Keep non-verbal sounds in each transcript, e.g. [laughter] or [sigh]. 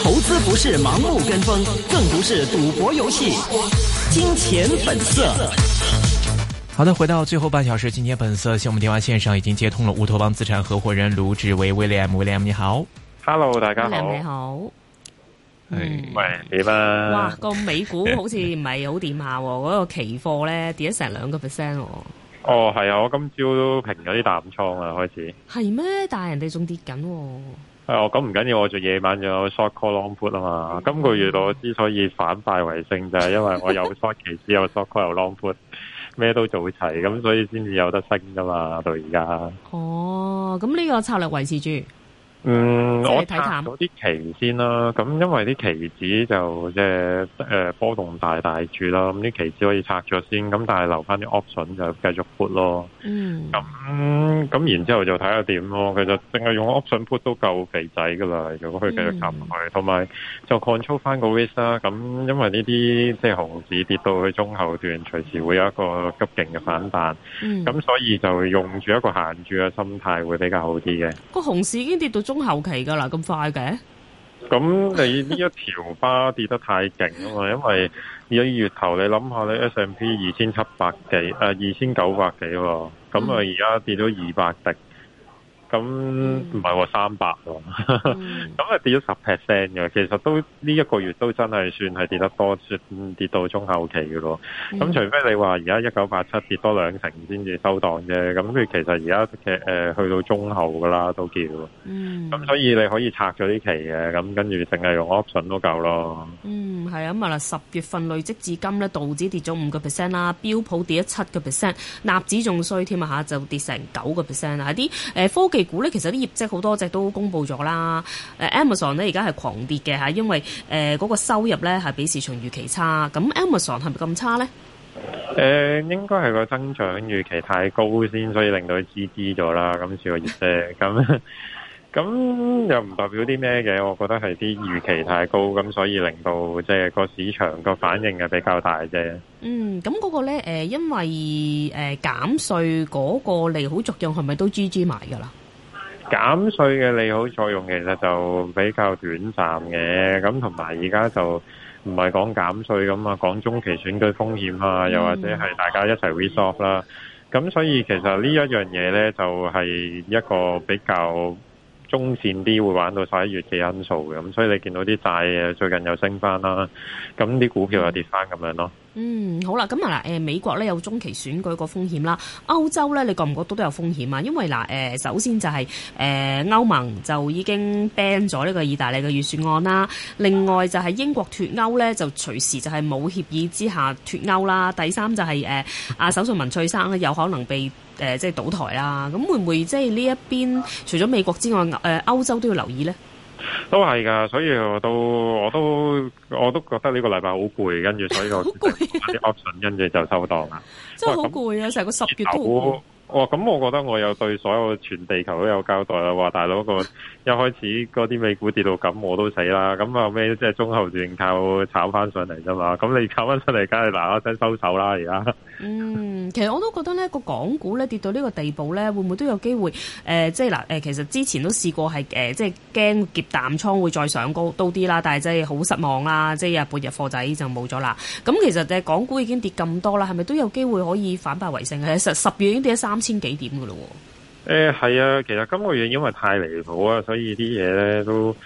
投資不是盲目跟風，更不是賭博遊戲。金錢本色。好的，回到最後半小時，金錢本色，先我們電話線上已經接通了烏托邦資產合夥人盧志威 William，William，你好，Hello，大家好，你好，哎，喂，你好。哇，個美股好似唔係好掂下，嗰個期貨咧跌咗成兩個 percent。哦，係啊，我今朝都平咗啲淡倉啊，開始。係咩？但係人哋仲跌緊、啊。係我咁唔緊要緊，我做夜晚仲有 short call long put 啊嘛。嗯、今個月我之所以反敗為勝，就係因為我有 short 期指，有 short call，有 long put，咩都做齊，咁所以先至有得升噶嘛，到而家。哦，咁呢個策略維持住。嗯，我拆嗰啲期先啦、啊，咁因為啲期指就即係誒波動大大住啦，咁啲期指可以拆咗先，咁但係留翻啲 option 就繼續 put 咯。嗯，咁咁然之後就睇下點咯。其實淨係用 option put 都夠肥仔㗎啦，如果佢繼續入去，同埋、嗯、就 control 翻個 risk 啦。咁因為呢啲即係熊市跌到去中後段，隨時會有一個急勁嘅反彈，咁、嗯、所以就用住一個閒住嘅心態會比較好啲嘅。個熊市已經跌到中。中後期噶啦，咁快嘅？咁 [laughs] 你呢一條巴跌得太勁啊嘛，因為喺月頭你諗下你 S&P 二千七百幾，誒二千九百幾，咁啊而家跌咗二百滴。咁唔係喎，三百喎，咁啊跌咗十 percent 嘅，其實都呢一、這個月都真係算係跌得多，算跌到中後期嘅咯。咁、嗯、除非你話而家一九八七跌多兩成先至收檔啫，咁佢其實而家嘅誒去到中後噶啦，都叫。嗯。咁所以你可以拆咗啲期嘅，咁跟住淨係用 option 都夠咯、嗯。嗯，係啊，咁嗱，十月份累積至今咧，道指跌咗五個 percent 啦，標普跌咗七個 percent，納指仲衰添啊嚇，就跌成九個 percent 啦，啲誒、呃、科技。期股咧，其實啲業績好多隻都公布咗啦。誒，Amazon 咧而家係狂跌嘅嚇，因為誒嗰個收入咧係比市場預期差。咁 Amazon 係咪咁差咧？誒，應該係個增長預期太高先，所以令到佢 GG 咗啦。咁少個業績，咁咁又唔代表啲咩嘅？我覺得係啲預期太高，咁所以令到即係個市場個反應係比較大啫。嗯，咁嗰個咧誒，因為誒減稅嗰個利好作用係咪都 GG 埋㗎啦？減稅嘅利好作用其實就比較短暫嘅，咁同埋而家就唔係講減稅咁啊，講中期選舉風險啊，又或者係大家一齊 risk off 啦，咁所以其實呢一樣嘢呢，就係、是、一個比較中線啲會玩到十一月嘅因素，咁所以你見到啲債最近又升翻啦，咁啲股票又跌翻咁樣咯。嗯，好啦，咁啊嗱，美國咧有中期選舉個風險啦，歐洲咧你覺唔覺得都有風險啊？因為嗱、嗯，首先就係、是呃、歐盟就已經 ban 咗呢個意大利嘅預算案啦，另外就係英國脱歐咧就隨時就係冇協議之下脱歐啦，第三就係阿首相文翠珊有可能被即係、呃就是、倒台啦，咁、嗯、會唔會即係呢一邊除咗美國之外、呃、歐洲都要留意呢？都係噶，所以我都我都我都覺得呢個禮拜好攰，跟住累、啊、所以我買啲 option，跟住就收檔啦。真係好攰啊！成喂后個十月都哇，咁我覺得我有對所有全地球都有交代啦。話大佬個一開始嗰啲美股跌到咁我都死啦，咁啊咩即係中後段靠炒翻上嚟啫嘛。咁你炒翻上嚟，梗係嗱嗱聲收手啦。而家。嗯，其實我都覺得呢個港股呢跌到呢個地步呢，會唔會都有機會？誒、呃，即係嗱，誒、呃，其實之前都試過係誒、呃，即係驚劫淡倉會再上高多啲啦，但係真係好失望啦，即係又半日貨仔就冇咗啦。咁其實嘅、呃、港股已經跌咁多啦，係咪都有機會可以反敗為勝？其實十月已經跌咗三千幾點噶啦？誒、呃，係啊，其實今個月因為太離譜啊，所以啲嘢呢都。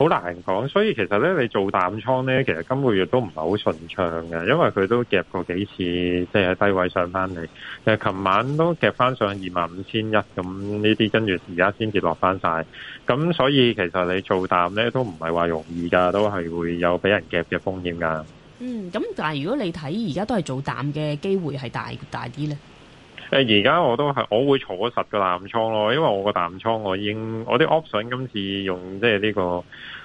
好難講，所以其實咧，你做淡倉咧，其實今個月都唔係好順暢嘅，因為佢都夾過幾次，即係喺低位上翻嚟。誒，琴晚都夾翻上二萬五千一咁呢啲，跟住而家先至落翻晒。咁所以其實你做淡咧都唔係話容易噶，都係會有俾人夾嘅風險噶。嗯，咁但係如果你睇而家都係做淡嘅機會係大大啲咧。誒，而家我都係我會坐實個淡倉咯，因為我個淡倉我已經我啲 option 今次用即係呢個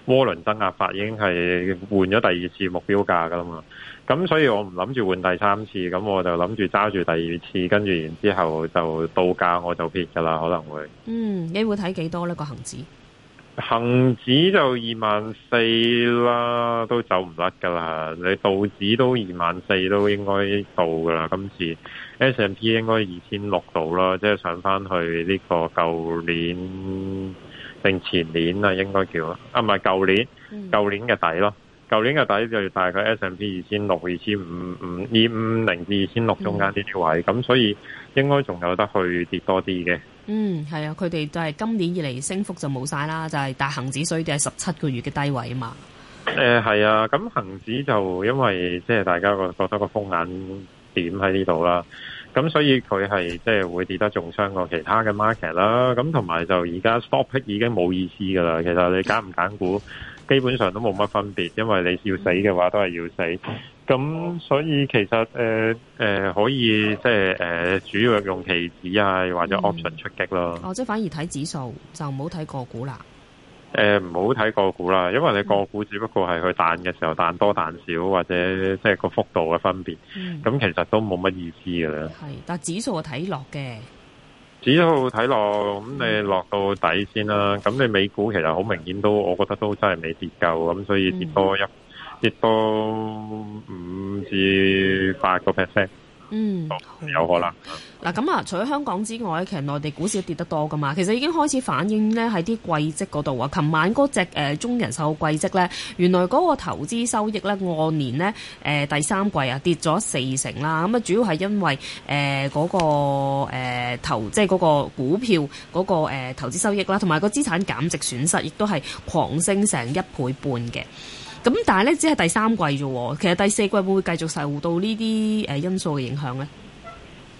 渦輪增壓法，已經係換咗第二次目標價噶啦嘛，咁所以我唔諗住換第三次，咁我就諗住揸住第二次，跟住然之後就到價我就撇噶啦，可能會。嗯，你會睇幾多呢個恒指？恒指就二萬四啦，都走唔甩噶啦，你道指都二萬四都應該到噶啦，今次。S&P 應該二千六度啦，即、就、係、是、上翻去呢個舊年定前年啊，應該叫啊唔係舊年，舊、嗯、年嘅底咯。舊年嘅底就大概 S&P 二千六、二千五、五二五零至二千六中間呢啲位，咁、嗯、所以應該仲有得去跌多啲嘅。嗯，係啊，佢哋就係今年以嚟升幅就冇晒啦，就係、是、但恒指水以係十七個月嘅低位啊嘛。誒係、呃、啊，咁恒指就因為即係、就是、大家覺覺得個風險。點喺呢度啦，咁所以佢係即係會跌得仲傷過其他嘅 market 啦，咁同埋就而家 stock pick 已經冇意思噶啦。其實你揀唔揀股，基本上都冇乜分別，因為你要死嘅話都係要死。咁所以其實誒誒、呃呃、可以即係誒主要用期指啊，或者 option 出擊咯、嗯。哦，即反而睇指數就唔好睇個股啦。誒，唔好睇個股啦，因為你個股只不過係佢彈嘅時候彈多彈少，彈多彈少或者即係個幅度嘅分別，咁、嗯、其實都冇乜意思㗎啦。係，但係指數我睇落嘅，指數睇落咁你落到底先啦。咁你美股其實好明顯都，我覺得都真係未跌夠，咁所以跌多一、嗯、跌多五至八個 percent。嗯，有可能。嗱，咁啊，除咗香港之外，其實內地股市都跌得多噶嘛。其實已經開始反映咧喺啲季績嗰度啊。琴晚嗰隻中人壽季績咧，原來嗰個投資收益咧，按年呢、呃，第三季啊跌咗四成啦。咁啊，主要係因為誒嗰、呃嗰個、呃、投即係嗰個股票嗰、嗰個、呃、投資收益啦，同埋個資產減值損失亦都係狂升成一倍半嘅。咁但係咧，只係第三季啫喎，其實第四季會唔會繼續受到呢啲誒因素嘅影響咧。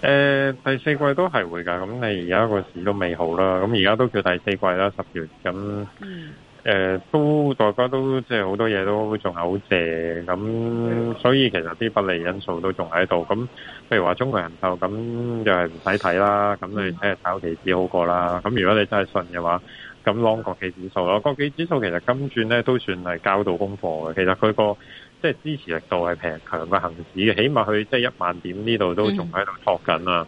誒第四季都係會㗎，咁你而家個市都未好啦，咁而家都叫第四季啦，十月咁誒，都大家都即係好多嘢都仲係好謝，咁所以其實啲不利因素都仲喺度。咁譬如話中國人壽咁，就係唔使睇啦，咁你睇下炒期指好過啦。咁如果你真係信嘅話，咁，國企嘅指數咯，國企指數其實今轉咧都算係交到功課嘅。其實佢個即係支持力度係平強嘅恒指，起碼佢即係一萬點呢度都仲喺度托緊啦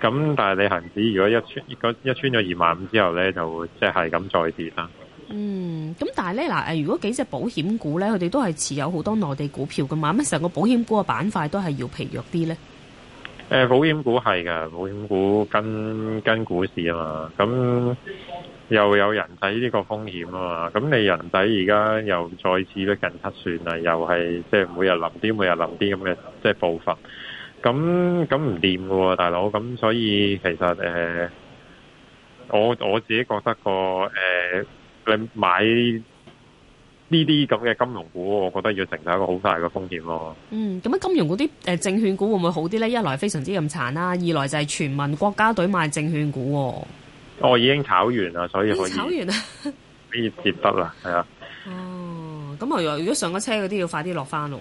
咁、嗯、但係你恒指如果一穿一穿咗二萬五之後咧，就會即係咁再跌啦。嗯，咁但係咧嗱誒如果幾隻保險股咧，佢哋都係持有好多內地股票嘅嘛，咁成個保險股嘅板塊都係要疲弱啲咧？誒，保險股係㗎，保險股跟跟股市啊嘛，咁。又有人仔呢個風險啊嘛，咁你人仔而家又再次都近七算啦，又係即係每日臨啲，每日臨啲咁嘅即係步伐，咁咁唔掂噶喎，大佬咁，所以其實誒、呃，我我自己覺得個誒、呃，你買呢啲咁嘅金融股，我覺得要承受一個好大嘅風險咯、啊。嗯，咁啊，金融嗰啲誒，證券股會唔會好啲咧？一來非常之咁殘啦，二來就係全民國家隊賣證券股、啊。我已經炒完啦，所以可以炒完啦， [laughs] 可以接得啦，係啊。哦，咁如果上咗車嗰啲要快啲落翻咯。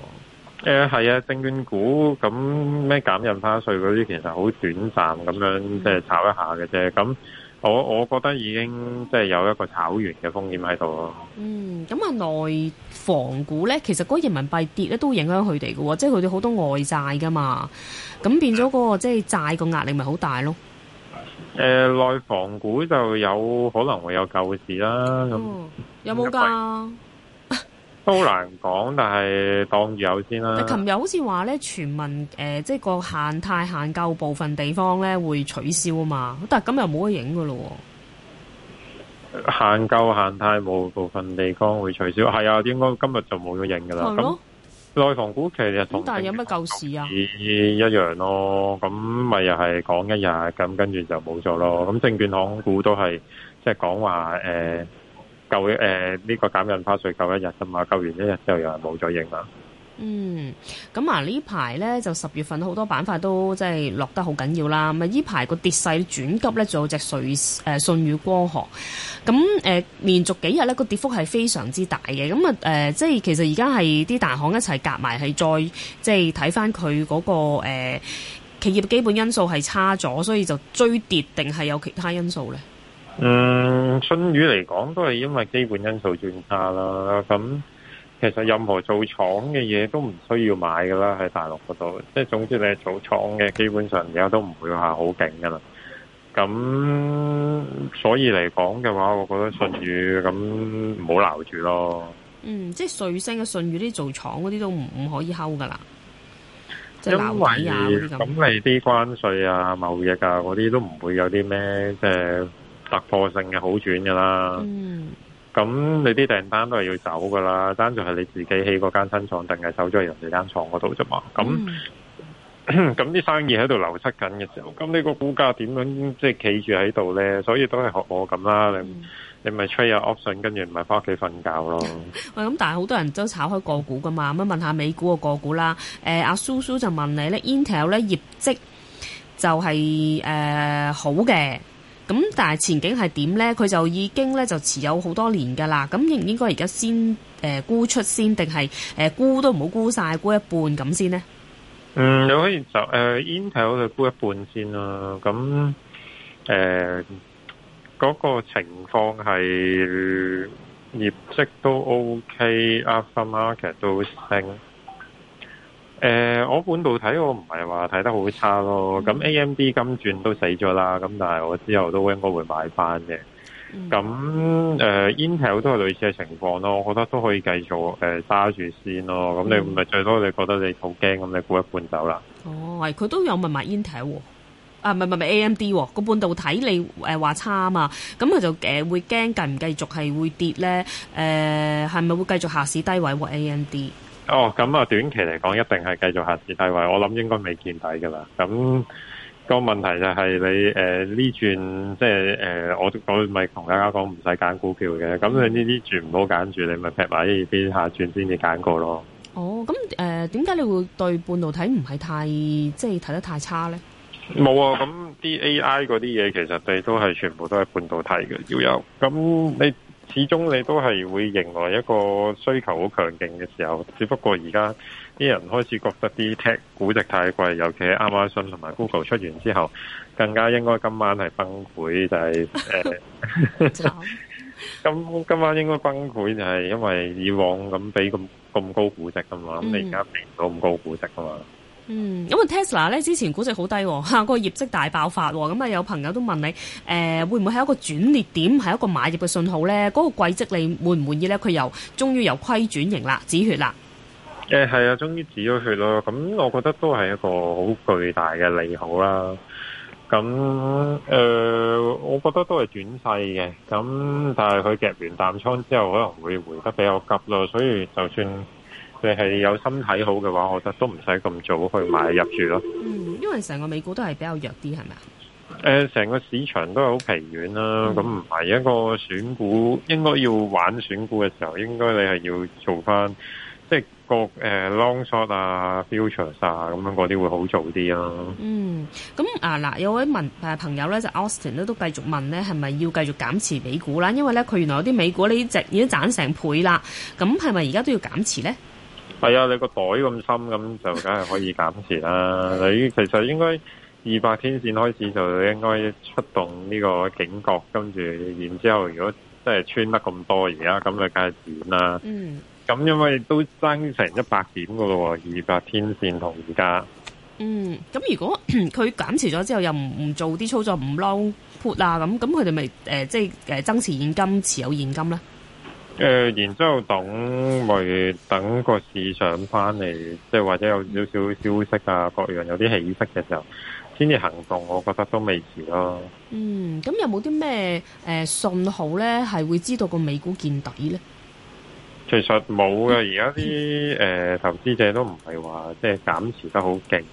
誒、呃，係啊，證券股咁咩減印花稅嗰啲，其實好短暫咁樣，即係炒一下嘅啫。咁、嗯、我我覺得已經即係有一個炒完嘅風險喺度咯。嗯，咁啊，內房股咧，其實嗰人民幣跌咧，都影響佢哋噶。即係佢哋好多外債噶嘛。咁變咗個即係債個壓力咪好大咯？誒，內、呃、房股就有可能會有舊事啦。咁、哦、有冇噶？ [laughs] 都難講，但係當住有先啦。你琴日好似話咧，傳聞，誒、呃，即係個限貸限購部分地方咧會取消啊嘛。但係今日冇得影噶咯。限購限貸冇部分地方會取消，係啊，應該今日就冇得影噶啦。的今內房股其實同大有乜救市啊？依一樣咯，咁咪又係講一日，咁跟住就冇咗咯。咁證券行股都係即係講話誒救誒呢個減印花稅救一日啫嘛，救完一日就又係冇咗影啦。嗯，咁啊呢排呢，就十月份好多板塊都即係落得好緊要啦。咁啊呢排個跌勢轉急呢，仲有隻瑞誒信宇光學，咁誒、呃、連續幾日呢個跌幅係非常之大嘅。咁啊誒即係其實而家係啲大行一齊夾埋係再即係睇翻佢嗰個誒、呃、企業基本因素係差咗，所以就追跌定係有其他因素呢？嗯，信宇嚟講都係因為基本因素轉差啦，咁。其實任何做廠嘅嘢都唔需要買噶啦，喺大陸嗰度，即係總之你係做廠嘅，基本上而家都唔會話好勁噶啦。咁所以嚟講嘅話，我覺得舜宇咁唔好留住咯。嗯，即係瑞聲嘅舜宇啲做廠嗰啲都唔唔可以摳噶啦。即啊、因為咁你啲關稅啊、貿易啊嗰啲都唔會有啲咩即係突破性嘅好轉噶啦。嗯咁你啲訂單都係要走噶啦，單就係你自己起嗰間新廠定係走咗去人哋間廠嗰度啫嘛。咁咁啲生意喺度流失緊嘅時候，咁你個股價點樣即係企住喺度咧？所以都係學我咁啦，嗯、你你咪吹下 option，跟住唔係翻屋企瞓覺咯。喂，咁但係好多人都炒開個股噶嘛，咁問問下美股個個股啦。誒、呃，阿蘇蘇就問你咧，Intel 咧業績就係、是、誒、呃、好嘅。咁但係前景係點咧？佢就已經咧就持有好多年㗎啦。咁應唔應該而家先誒、呃、沽出先，定係誒沽都唔好沽晒，沽一半咁先呢？嗯，你可以就誒、呃、Intel 佢沽一半先啦。咁誒嗰個情況係業績都 OK，Upmarket、OK，都升。誒、呃，我半導體我唔係話睇得好差咯，咁 A M D 今轉都死咗啦，咁但係我之後都應該會買翻嘅。咁誒、嗯呃、Intel 都係類似嘅情況咯，我覺得都可以繼續誒揸、呃、住先咯。咁你咪最多你覺得你好驚咁，你沽一半走啦。哦，係，佢都有問埋 Intel，啊，唔係唔係 A M D，個半導體你誒話、呃、差啊嘛，咁佢就誒、呃、會驚繼唔繼續係會跌咧？誒、呃，係咪會繼續下市低位喎 A M D？哦，咁啊，短期嚟講一定係繼續下跌低位，我諗應該未見底噶啦。咁、個問題就係你誒呢轉即係誒、呃，我我咪同大家講唔使揀股票嘅，咁你呢啲轉唔好揀住，你咪劈埋呢邊下轉先至揀過咯。哦，咁誒，點、呃、解你會對半導體唔係太即係睇得太差咧？冇啊，咁啲 AI 嗰啲嘢其實對都係全部都係半導體嘅，要有咁你。始終你都係會迎來一個需求好強勁嘅時候，只不過而家啲人開始覺得啲 tech 估值太貴，尤其係 Amazon 同埋 Google 出完之後，更加應該今晚係崩潰就係誒，咁今晚應該崩潰就係因為以往咁俾咁咁高估值噶嘛，咁你而家俾唔到咁高估值噶嘛。嗯，咁啊 Tesla 咧，之前估值好低、哦，吓、那個業績大爆發、哦，咁啊有朋友都問你，誒、呃、會唔會係一個轉捩點，係一個買入嘅信號咧？嗰、那個季績你滿唔滿意咧？佢又終於由虧轉型啦，止血啦。誒係、呃、啊，終於止咗血咯。咁我覺得都係一個好巨大嘅利好啦。咁誒、呃，我覺得都係轉勢嘅。咁但係佢夾完淡倉之後，可能會回得比較急咯。所以就算。佢係有身體好嘅話，我覺得都唔使咁早去買入住咯。嗯，因為成個美股都係比較弱啲，係咪啊？誒、呃，成個市場都係好疲軟啦。咁唔係一個選股，應該要玩選股嘅時候，應該你係要做翻即係個誒 long short 啊、futures 啊咁樣嗰啲會好做啲啊。嗯，咁啊嗱，有位文誒朋友咧就 Austin 都繼續問咧，係咪要繼續減持美股啦？因為咧佢原來有啲美股咧，值已經賺成倍啦。咁係咪而家都要減持咧？係啊，你個袋咁深，咁就梗係可以減持啦。 [laughs] 你其實應該二百天線開始就應該出動呢個警覺，跟住然之後如果真係穿得咁多而家，咁就梗係剪啦。嗯，咁因為都爭成一百點噶啦，二百天線同而家。嗯，咁如果佢減持咗之後又唔唔做啲操作唔 long put 啊，咁咁佢哋咪誒即係誒、呃、增持現金持有現金咧？誒，然之後等咪等個市場翻嚟，即係或者有少少消息啊，各樣有啲起色嘅時候，先至行動，我覺得都未遲咯。嗯，咁有冇啲咩誒信號咧，係會知道個美股見底咧？其實冇嘅，而家啲誒投資者都唔係話，即係減持得好勁。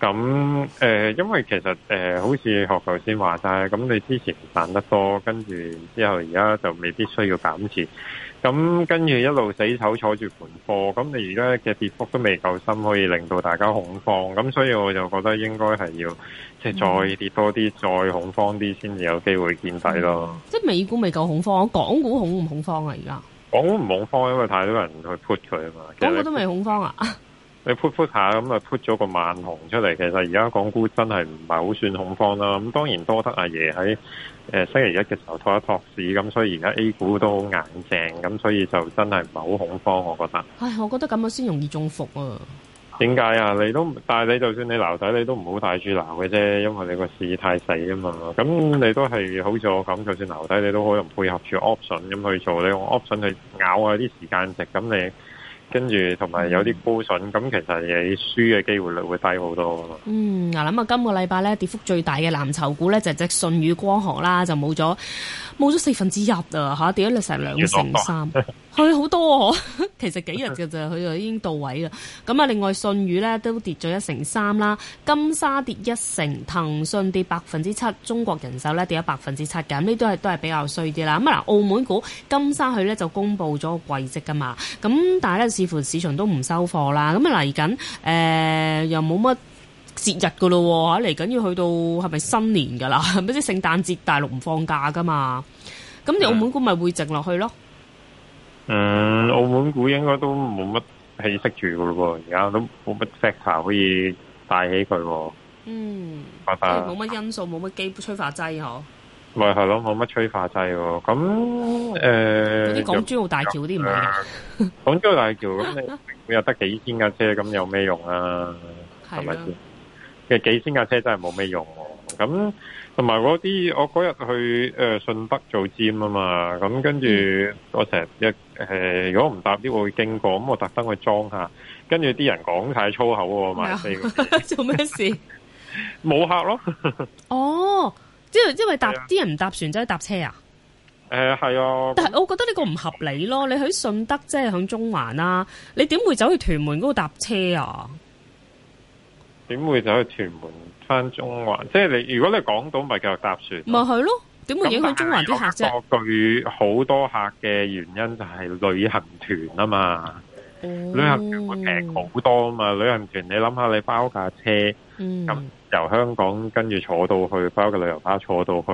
咁誒、呃，因為其實誒、呃，好似學頭先話齋，咁你之前賺得多，跟住之後而家就未必需要減持。咁跟住一路死手坐住盤貨，咁你而家嘅跌幅都未夠深，可以令到大家恐慌。咁所以我就覺得應該係要即係再跌多啲，嗯、再恐慌啲，先至有機會見底咯。嗯、即係美股未夠恐慌，港股恐唔恐慌啊？而家港股唔恐慌，因為太多人去 put 佢啊嘛。港股都未恐慌啊？你 put put 下咁啊 put 咗個萬紅出嚟。其實而家港股真係唔係好算恐慌啦。咁當然多得阿爺喺誒星期一嘅時候托一托市，咁所以而家 A 股都好硬淨，咁所以就真係唔係好恐慌，我覺得。係，我覺得咁樣先容易中伏啊。點解啊？你都但係你就算你留底，你都唔好帶住留嘅啫，因為你個市太細啊嘛。咁你都係好似我咁，就算留底，你都可能配合住 option 咁去做，你用 option 去咬下啲時間值，咁你。跟住同埋有啲高筍，咁其實你輸嘅機會率會低好多嘛。嗯，嗱諗啊，今個禮拜咧跌幅最大嘅藍籌股咧就即、是、信宇光學啦，就冇咗冇咗四分之一啊吓，跌咗成兩成三，去 [laughs] 好多啊！其實幾日嘅咋，佢 [laughs] 就已經到位噶。咁啊，另外信宇咧都跌咗一成三啦，金沙跌一成，騰訊跌百分之七，中國人壽咧跌咗百分之七咁，呢啲都係都係比較衰啲啦。咁啊，嗱，澳門股金沙佢咧就公布咗季績噶嘛，咁但係咧。似乎市場都唔收貨啦，咁啊嚟緊誒又冇乜節日噶咯喎，嚟緊要去到係咪新年噶啦？咪即聖誕節大陸唔放假噶嘛？咁你澳門股咪會靜落去咯嗯？嗯，澳門股應該都冇乜氣息住噶咯喎，而家都冇乜 sector 可以帶起佢喎、啊。嗯，冇乜、啊、因素，冇乜基本催化劑嗬。咪係咯，冇乜、 [noise] 嗯、催化劑喎。咁、嗯、誒，啲港珠澳大橋啲唔係。港珠 [laughs] 澳大橋，咁你又得幾千架車，咁有咩用啊？係咪先？其實的幾千架車真係冇咩用、啊。咁同埋嗰啲，我嗰日去誒順、呃、德做 gym 啊嘛。咁、嗯嗯、跟住我成日一誒，如果唔搭啲、這個、會經過，咁我特登去裝下。跟住啲人講晒粗口喎，買飛做咩事？冇 [laughs] 客咯。哦。即係因為搭啲、啊、人唔搭船，就係搭車啊？誒，係啊！但係我覺得呢個唔合理咯。你喺信德即係響中環啦，你點會走去屯門嗰度搭車啊？點會走去屯門翻中環？即係你如果你講到咪繼續搭船、啊，咪係咯？點會影響中環啲客啫？最好多客嘅原因就係旅行團啊嘛,、哦、嘛，旅行團會平好多啊嘛。旅行團你諗下，你,想想你包架車，咁、嗯。由香港跟住坐到去，包個旅遊巴坐到去，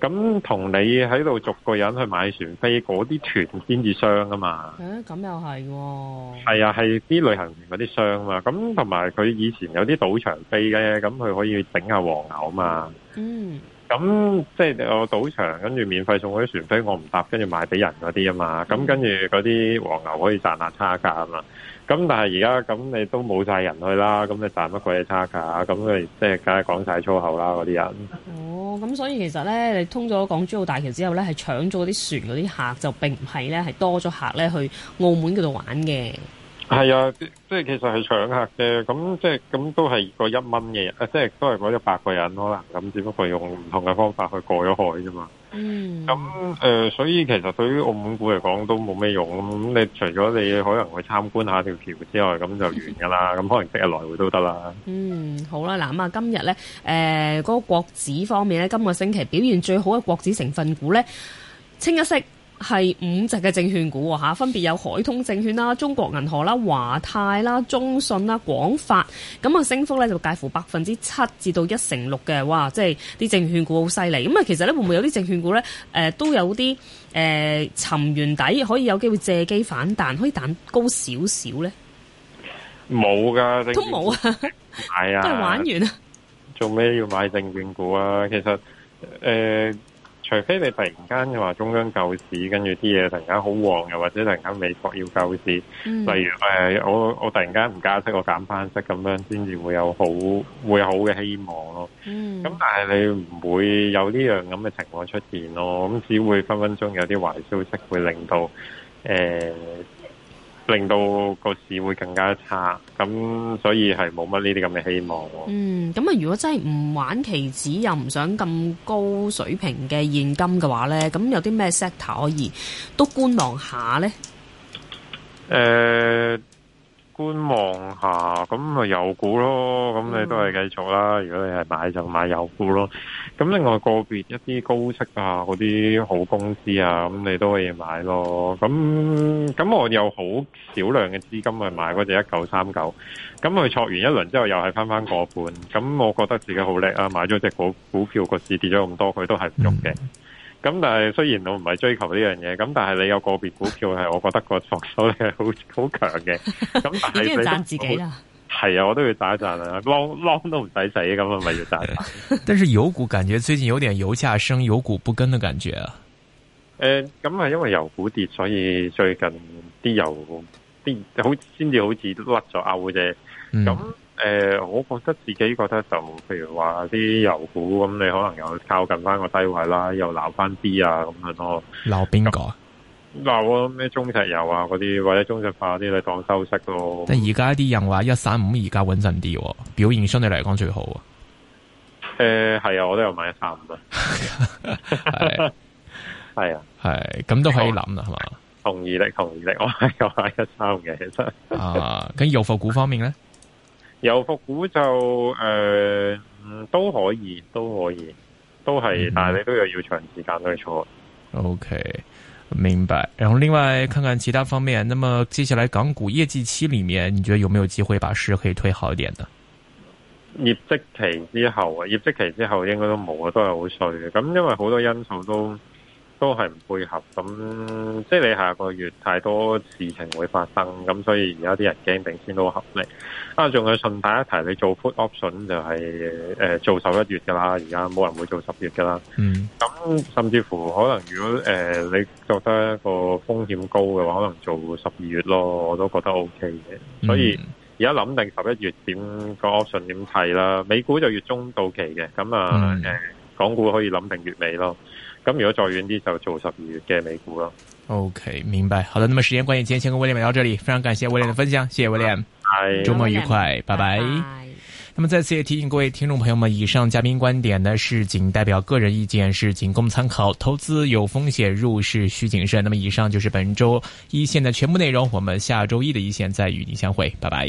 咁同你喺度逐個人去買船飛，嗰啲團先至傷啊嘛。誒，咁又係喎。係、哦、啊，係啲旅行社嗰啲傷啊嘛。咁同埋佢以前有啲賭場飛嘅，咁佢可以整下黃牛嘛。嗯。咁即係有賭場，跟住免費送嗰啲船飛，我唔搭，跟住賣俾人嗰啲啊嘛。咁、嗯、跟住嗰啲黃牛可以賺下差價啊嘛。咁但係而家咁你都冇晒人去啦，咁你賺乜鬼嘢差價？咁佢即係梗係講晒粗口啦嗰啲人。哦，咁所以其實咧，你通咗港珠澳大橋之後咧，係搶咗啲船嗰啲客，就並唔係咧係多咗客咧去澳門嗰度玩嘅。係啊，即係其實係搶客嘅，咁即係咁都係個一蚊嘅人，誒，即係都係嗰一百個人可能咁，只不過用唔同嘅方法去過咗海啫嘛。嗯，咁誒、呃，所以其實對於澳門股嚟講都冇咩用咁，你除咗你可能去參觀下條橋之外，咁就完㗎啦。咁 [laughs] 可能即日來回都得啦。嗯，好啦，嗱咁啊，今日呢誒嗰、呃嗰個國指方面咧，今個星期表現最好嘅國指成分股呢，清一色。係五隻嘅證券股吓、啊，分別有海通證券啦、中國銀河啦、華泰啦、中信啦、廣發。咁啊，升幅咧就介乎百分之七至到一成六嘅，哇！即係啲證券股好犀利。咁啊，其實咧會唔會有啲證券股咧？誒、呃，都有啲誒、呃，沉完底可以有機會借機反彈，可以彈高少少咧？冇噶，都冇啊，係啊，都係玩完啦。做咩要買證券股啊？其實誒。呃除非、非你突然間話中央救市，跟住啲嘢突然間好旺，又或者突然間美國要救市，嗯、例如我我突然間唔加息，我減翻息咁樣，先至會有好會有好嘅希望咯。咁、嗯、但係你唔會有呢樣咁嘅情況出現咯，咁只會分分鐘有啲壞消息會令到、欸令到個市會更加差，咁所以係冇乜呢啲咁嘅希望、哦。嗯，咁啊，如果真係唔玩期指，又唔想咁高水平嘅現金嘅話呢，咁有啲咩 sector 可以都觀望下呢？誒、呃。觀望下，咁咪油股咯。咁你都係繼續啦。如果你係買就買油股咯。咁另外個別一啲高息啊，嗰啲好公司啊，咁你都可以買咯。咁咁我有好少量嘅資金去買嗰隻一九三九，咁佢挫完一輪之後又係翻翻個半。咁我覺得自己好叻啊！買咗隻股股票個市跌咗咁多，佢都係唔郁嘅。咁但係雖然我唔係追求呢樣嘢，咁但係你有個別股票係我覺得個防守係好好強嘅，咁 [laughs] 你都 [laughs] 要賺自己啦。係啊，我都要打一賺啊 long long 都唔使洗，咁咪要賺 [laughs] 但是油股感覺最近有點油價升，油股不跟嘅感覺啊。誒、嗯，咁係因為油股跌，所以最近啲油啲好先至好似甩咗 out 啫，咁。誒、呃，我覺得自己覺得就，譬如話啲油股咁，你可能又靠近翻個低位啦，又撈翻啲啊，咁樣咯。撈邊個？撈咩、啊、中石油啊，嗰啲或者中石化啲你當，收息咯。但而家啲人話一三五而家穩陣啲，表現相對嚟講最好。誒、呃，係啊，我都有買一三五啊，係，係啊，係、啊，咁都可以諗啦，係嘛？同意力，同意力我係有買一三五嘅，其實。啊，咁油服股方面咧？ [laughs] 有復股就誒、呃嗯，都可以，都可以，都係，嗯、但係你都有要，要長時間去坐。O、okay, K，明白。然後另外看看其他方面，那麼接下來港股業績期裏面，你覺得有沒有機會把市可以推好一點呢？業績期之後啊，業績期之後應該都冇啊，都係好衰嘅。咁因為好多因素都。都係唔配合，咁即係你下個月太多事情會發生，咁所以而家啲人驚定先都合理啊，仲有順帶一提，你做 food option 就係、是、誒、呃、做十一月噶啦，而家冇人會做十月噶啦。嗯，咁甚至乎可能如果誒你覺、呃、得一個風險高嘅話，可能做十二月咯，我都覺得 O K 嘅。所以而家諗定十一月點個 option 點睇啦，美股就月中到期嘅，咁啊誒、嗯、港股可以諗定月尾咯。咁如果再遠啲就做十二月嘅美股咯。OK，明白。好的，那麼時間關係，今天先跟威廉聊到這裏，非常感謝威廉的分享，啊、謝謝威廉，周末 Bye. 愉快，拜拜 Bye. bye。咁麼再次也提醒各位聽眾朋友們，以上嘉賓觀點呢是僅代表個人意見，是僅供參考，投資有風險，入市需謹慎。那麼以上就是本周一綫的全部內容，我們下周一的一綫再與您相會，拜拜。